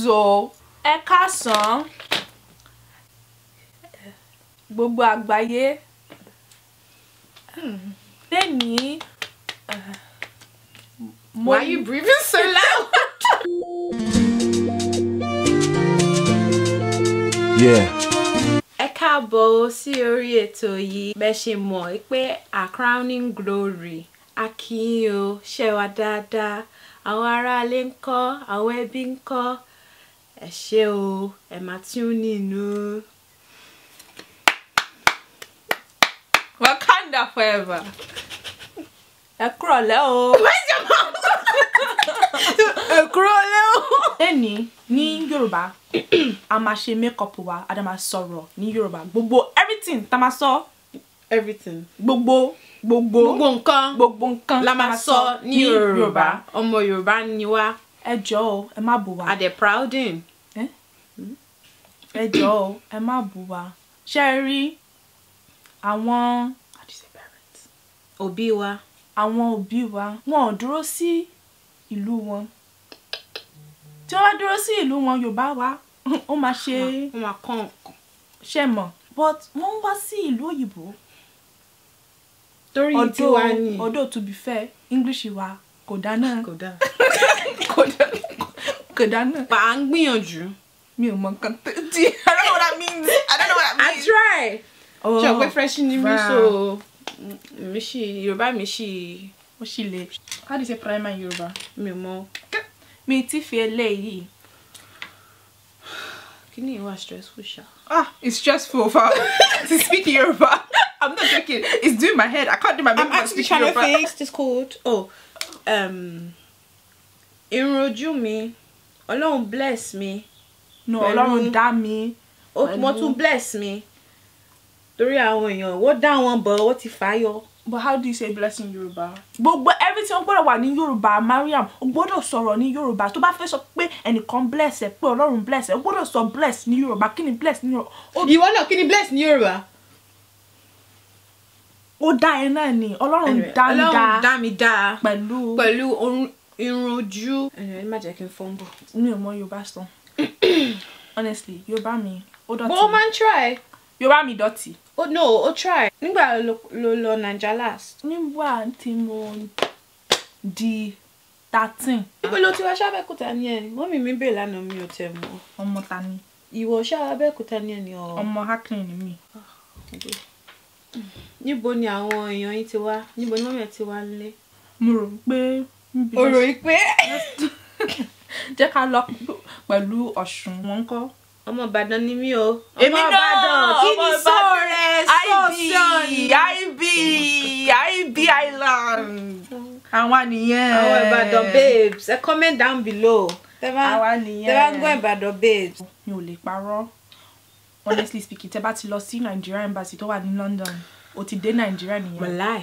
guys o gbogbo àgbáyé hmm. lẹ́ni. Why are you breathing so loud? yeah. ẹ káàbọ̀ sí orí ètò yìí bẹ́ẹ̀ ṣe mọ̀ pé a crowning glory a kì í o ṣe wa dáadáa àwọn aráalé ń kọ́ àwọn ẹbí ń kọ́ ẹ ṣé o ẹ máa tune in o. Wakanda forever. ẹ kúrọ̀ lẹ́ o. ẹ kúrọ̀ lẹ́ o. lẹ́ni ní Yorùbá a máa ṣe makeup wa a dá máa sọ̀rọ̀ ní Yorùbá gbogbo everything tá a máa sọ. everything. gbogbo gbogbo gbogbo nǹkan gbogbo nǹkan la máa sọ ní Yorùbá ọmọ Yorùbá ni wa. ẹ jọ̀ọ́ ẹ má bò wá. are proudin ẹ jọ̀ọ́ o ẹ má bù wá ṣe é rí àwọn òbí wa àwọn òbí wa wọn ò dúró sí ìlú wọn tí wọ́n bá dúró sí ìlú wọn Yorùbá wa ó máa ṣe ṣe mọ̀ but wọ́n wá sí ìlú òyìnbó torí ìdí wa ni ọ̀dọ̀ to be fair English wa kò dáná kò dáná kò dáná could But I'm gbìyànjú. Mi me. mọ nǹkan tí. I don't know what that means. I don't know what that means. I try. Oh. Ṣé o pé oh, fresh ni so mi ṣì Yorùbá mi ṣì ó ṣì How do you say primer in Yorùbá? me more. Me tiffy ti fi eléyìí. Kini iwa stressful ṣá. Ah, it's stressful for to speak Yoruba. I'm not joking. It's doing my head. I can't do my best. I'm actually trying to fix. It's called oh um. Irun ojú ọlọ́run bless me, no ọlọ́run dá mi. mo tún bless me? torí àwọn èèyàn wọ́n dá wọn bọ̀ wọ́n ti fà á yọ. but how do you say blessing Yoruba? Yorùbá. gbogbo everything ó gbọ́dọ̀ wà ní Yorùbá Mariam ó gbọ́dọ̀ sọ̀rọ̀ ní Yorùbá tó bá fẹ́ sọ pé ẹnìkan bless ẹ pé ọlọ́run bless ẹ ó gbọ́dọ̀ sọ bless ní Yorùbá kí bless ní Yorùbá. ìwọ náà kí bless ní Yorùbá. ó dá ẹ náà ni ọlọ́run dá mi dá pẹ̀lú pẹ̀lú irun ojú. ẹ má jẹ́ kí n fọ́nbù. mi ò mọ yorùbá sọ honestly yorùbá mi ó dọ̀tí. bó máa ń try. yorùbá mi dọ̀tí. oh no ó try. nígbà lo lo naija last. nígbà tí mo di thirteen. níbo ló ti wá sábẹ́kúta ni ẹ̀ wọ́n mi mi bè lánàá mi ò tẹ̀ mọ́. ọmọ ta ni. ìwọ sábẹ́kúta ni ẹ̀ ni ọ. ọmọ hackney ni mi. Ah, níbo ni àwọn èèyàn yìí ti wá níbo ni mọ́mí ẹ̀ ti wá lé. mo rò pé ọ̀rọ̀ ìpè jẹ́ ká lọ pẹ̀lú ọ̀ṣun wọn kọ́. ọmọ ìbàdàn ni mí o. èmi náà kí ni sọ rẹ sọ́ọ̀sì ib ib island. àwa nìyẹn. àwọn ìbàdàn babes comment down below. àwa nìyẹn. tẹ bá ń gbọ́ ìbàdàn babes. mi ò lè parọ́ honestly speaking tẹ bá ti lọ sí Nigeria embassy tó wà ní London o ti dé Nigeria nìyẹn. wàláì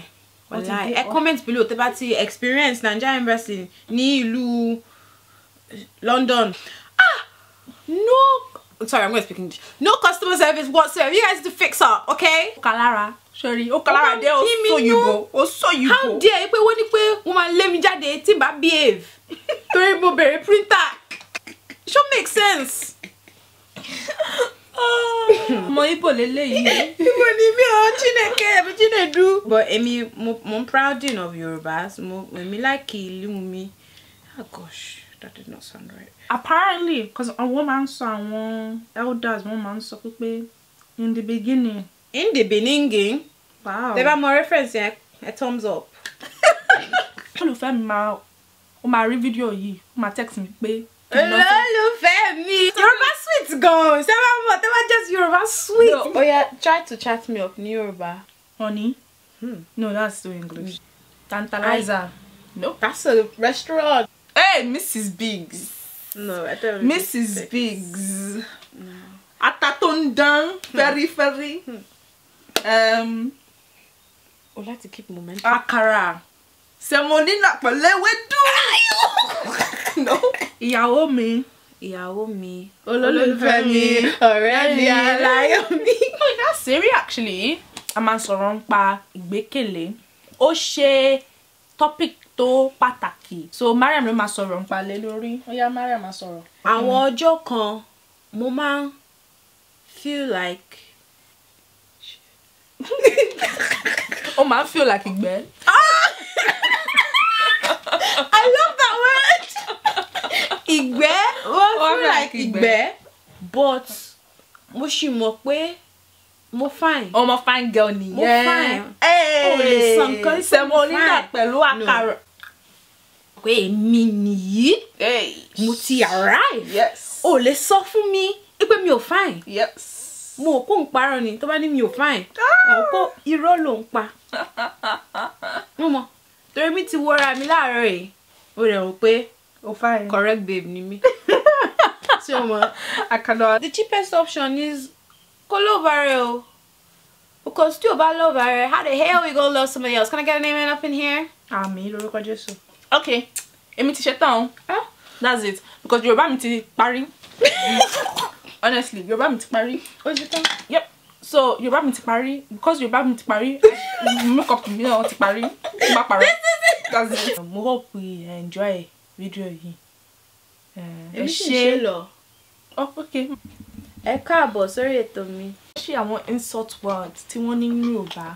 wàláì ẹ comment below tẹ́ bá ti experience Nigerian embassy. ní ìlú London ah no sorry I'm going to speak English no customer service whatsoever you guys need to fix up okay. kalara sori o kalara de o soyinbo o soyinbo how dare pé wọ́n ní pé wọ́n máa lé mi jáde tí n bá behave torí mo bèrè printer ṣó make sense. ọmọ ibo leléyìí. ibo ni mi ọ chineke ẹbí chinedu. but emi, mo ń of yorùbá mo èmi like ìlú mi ah gosh that did not sound right. apparently because wọ́n máa ń sọ àwọn elders wọ́n máa ń sọ pé in the beginning. in the beginning. wow. tẹ́ bá mọ reference yẹn a thumbs up. olùfẹ́ mi máa ó máa rí fídíò yìí ó máa text mi pé. Olólùfẹ́ mi. Yoruba sweet gan. Ṣé máa mọ̀ tẹ́ just Yoruba sweet? No, oh yeah, try to chat me up ní Yoruba. Honey? Hmm. No, that's too English. Hmm. Tantalizer. No, that's a restaurant. Hey, Mrs. Biggs. No, I don't know. Mrs. Biggs. No. Atatondan. Ferry ferry. Um. We'll O to keep momentum. Akara. Semonina pẹ̀lú ewédú. No. ìyàwó mi ìyàwó mi olólùfẹ́ mi ọ̀rẹ́ mi aláyọ̀ mi. that's scary actually a máa sọ̀rọ̀ nípa ìgbékèlé ó ṣe topic tó pàtàkì so mariam ló máa sọ̀rọ̀ nípa lé lórí ó yá mariam máa sọ̀rọ̀. àwọn ọjọ́ kan mo máa ń feel like. ó máa ń feel like ìgbẹ́. Ah! ìgbẹ́ wọ́n feel like ìgbẹ́ but mo ṣì mọ̀ pé mo fine. ọmọ fine girl ni. mo fine. o lè san nǹkan tí mo fine. sẹ́mo pẹ̀lú àkàrà. pé èmi nìyí. mo ti arrive. yes. o lè sọ fún mi pé mi ò fine. yes. mo ò kó ń parọ́ ni tó bá ní mi ò fine. Ah! mo kó irọ́ ló ń pa. mo mọ̀ torí mi ti wọra mi láàárọ̀ yìí mo rẹ̀ rò pé Oh fine. correct babe Nimi. mi ṣé o I cannot. the cheapest option is kó love ara because tí about bá love ara how the hell we gonna love somebody else can I get a name up in here. Ah, me look at Jesus. okay èmi ti ṣe down. o that's it because Yorùbá mi to marry. honestly Yorùbá mi to marry. ó ṣe tán. yep so you yorùbá me to parí because you yorùbá to ti parí makeup to náà ti parí má parọ́ that's it. We hope we enjoy fídíò yìí ẹ ṣe oh, ok ẹ káàbọ̀ sórí ètò mi. ṣé àwọn insult words tí wọ́n ní ní yorùbá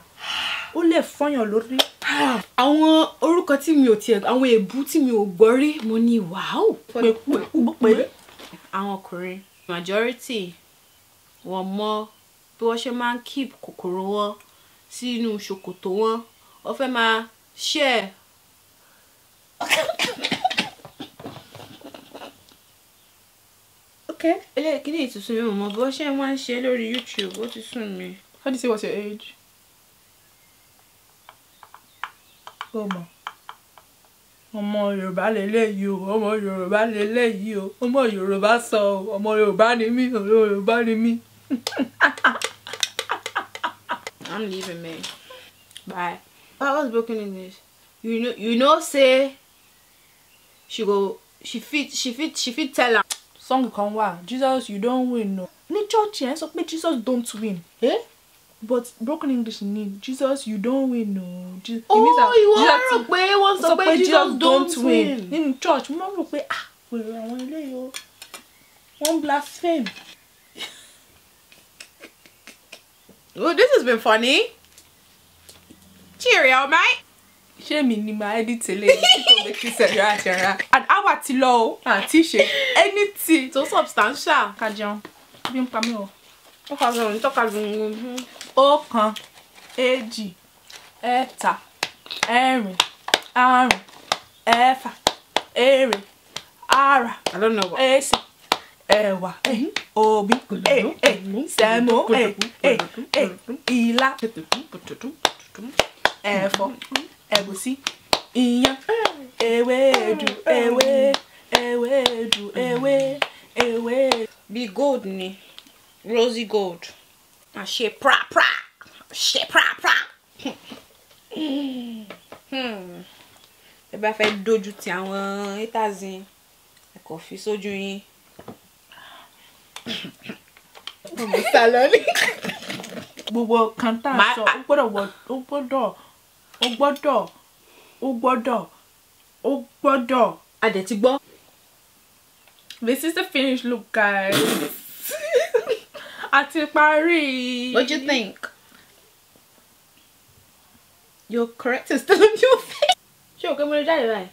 ó lè fọyàn lórí. àwọn orúkọ tí mi ò tiẹ̀ àwọn èébú tí mi ò gbọ́ rí mo ní wàhálù. pé pé pé àwọn ọkùnrin majority wọ́n mọ̀ bí wọ́n ṣe máa ń keep kòkòrò wọn sínú ṣòkòtò wọn wọ́n fẹ́ máa share. Okay. Eléyìí ti sú mi mo mọ bó ṣe máa ń ṣe YouTube ó ti sú mi. How do you say what's your age? Ọmọ. Ọmọ Yorùbá lèléyìí o, ọmọ Yorùbá lèléyìí o, ọmọ Yorùbá sọ o, ọmọ Yorùbá ni mí, ọmọ Yorùbá ni mí. I'm leaving me. Bye. What was broken English? You know you know say she go she fit she fit she fit tell her song kan wa, jesus you don win no ní church yẹn sọ pé jesus don't win eh? but broken english ni jesus you don win no jesus oh, ìwọ rò pé wọ́n sọ pé jesus don't win nínú church mo rò pé ah wèrè àwọn ilé yìí o wọ́n blaspheme. oh this has been funny cheerio mate ṣé mi ni máa edit eléyìí tí kò lè kí sẹ̀rẹ̀ àṣẹra and hour ti lọ o àti ṣe anything tó substantial. ká jẹun bí n pa mí o. ó kà sọ̀rọ̀ ní tọ́ka gbùngbùn. ọ̀kan èjì ẹ̀ta ẹ̀rin àrún ẹ̀fà èrè ara èsì ẹ̀wà mm-hmm. òbí sẹ̀mó ìlà ẹ̀fọ́ ẹ̀gúsí iyán ewédú ewé ewédú ewé ewé. bí gold ni rosy gold a ṣe prapra ṣe prapra. ẹ bá fẹ́ dojú ti àwọn haters yín ẹ kò fi sójú yín. mo sá lọ ní. gbogbo kan tá a sọ ó gbọ́dọ̀ o gbọ́dọ̀ o gbọ́dọ̀ o gbọ́dọ̀ a dẹ̀ ti gbọ́. this is the finished look guys a ti parí. what do you think? your correct is still on your face. ṣé o kò mú lè jáde báyìí.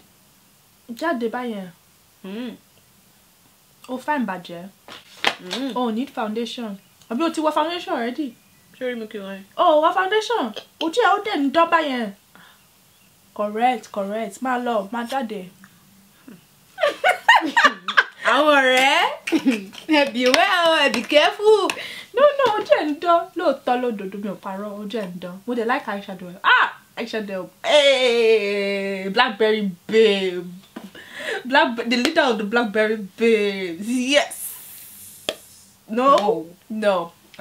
jáde báyẹn. Hmm. o fine bàjẹ́. Hmm. o need foundation àbí o ti wọ foundation already sórí mi kì í wọ́n oh wa foundation ojú ẹ̀ ó dẹ̀ ní dọ́bà yẹn correct correct máa lọ máa jáde. àwọn ọ̀rẹ́ ẹ̀bì well ẹ̀ be careful. no no ojú ẹ̀ ń dán lóòótọ́ lódodo mi ò parọ́ ojú ẹ̀ ń mo dẹ̀ like eyeshadow ah eyeshadow hey, eh, blackberry babe black the leader of the blackberry babes yes no no, no.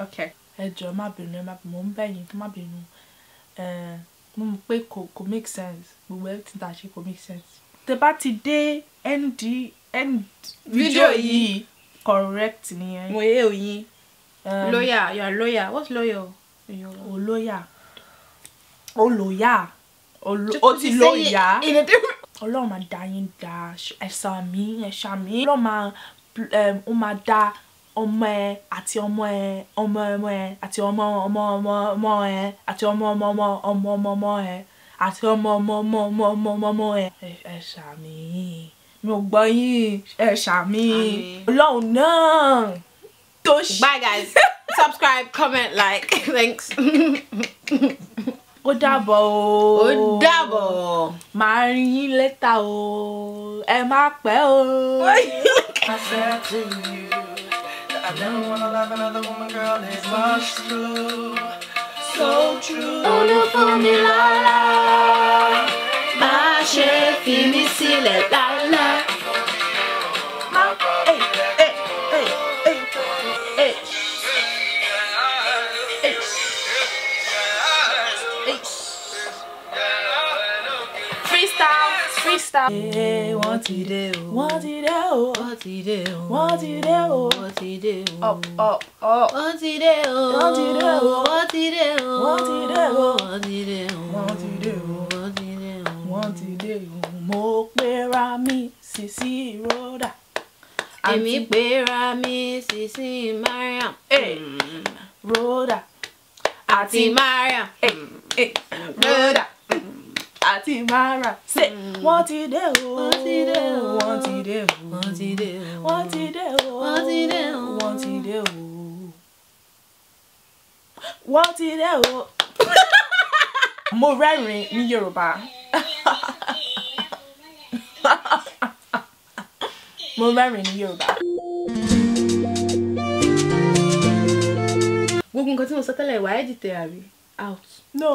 okay ẹ jọ má bínú ẹ má bínú mo ń bẹ̀yìn kí má bínú mo mọ̀ pé kò kò make sense gbogbo ẹ ti tà ṣe kò make sense. tẹ́ bá ti dé end end fídíò yìí correct nìyẹn. mo yé oyin lawyer you are lawyer what's lawyer. o lawyer o lawyer o ti lawyer ọlọ́run máa dá yín dá ẹ̀sà mi ẹ̀sà mi ọlọ́run máa ó máa da ọmọ ẹ àti ọmọ ẹ ọmọ ọmọ ẹ àti ọmọ ọmọ ọmọ ọmọ ẹ àti ọmọ ọmọ ọmọ ọmọ ọmọ ọmọ ẹ àti ọmọ ọmọ ọmọ ọmọ ọmọ ọmọ ọmọ ẹ ẹ ṣàmì mi ò gbọ́ yín ẹ ṣàmì ọlọ́run náà tó ṣe. bye guys subscribe comment like thanks. ó dàbọ̀ o. ó dàbọ̀. màá rí yín lẹ́tà o ẹ má pẹ́ o. I said to you. I never wanna love another woman, girl, it was true, so true. Uniforme oh, la la, ma chefe mi sile la la. Ma, hey, hey, hey, hey, hey. sá. wọ́n ti dé o wọ́n ti dé o wọ́n ti dé o wọ́n ti dé o wọ́n ti dé o up up up. wọ́n ti dé o wọ́n ti dé o wọ́n ti dé o wọ́n ti dé o wọ́n ti dé o wọ́n ti dé o wọ́n ti dé o wọ́n ti dé o mo pera mi Sisi Roda. èmi pera mi Sisi Mariam. Roda àti Mariam. Roda àti mara ṣe hmm. wọ́n ti dé o wọ́n ti dé o wọ́n ti dé o wọ́n ti dé o wọ́n ti dé o wọ́n ti dé o wọ́n ti dé o wọ́n ti dé o. mo rẹ́rìn ní Yorùbá mo rẹ́rìn ní Yorùbá. gbogbo nǹkan tí mo sọ tẹ́lẹ̀ wàá ẹ̀jìtẹ̀ àrí out. no.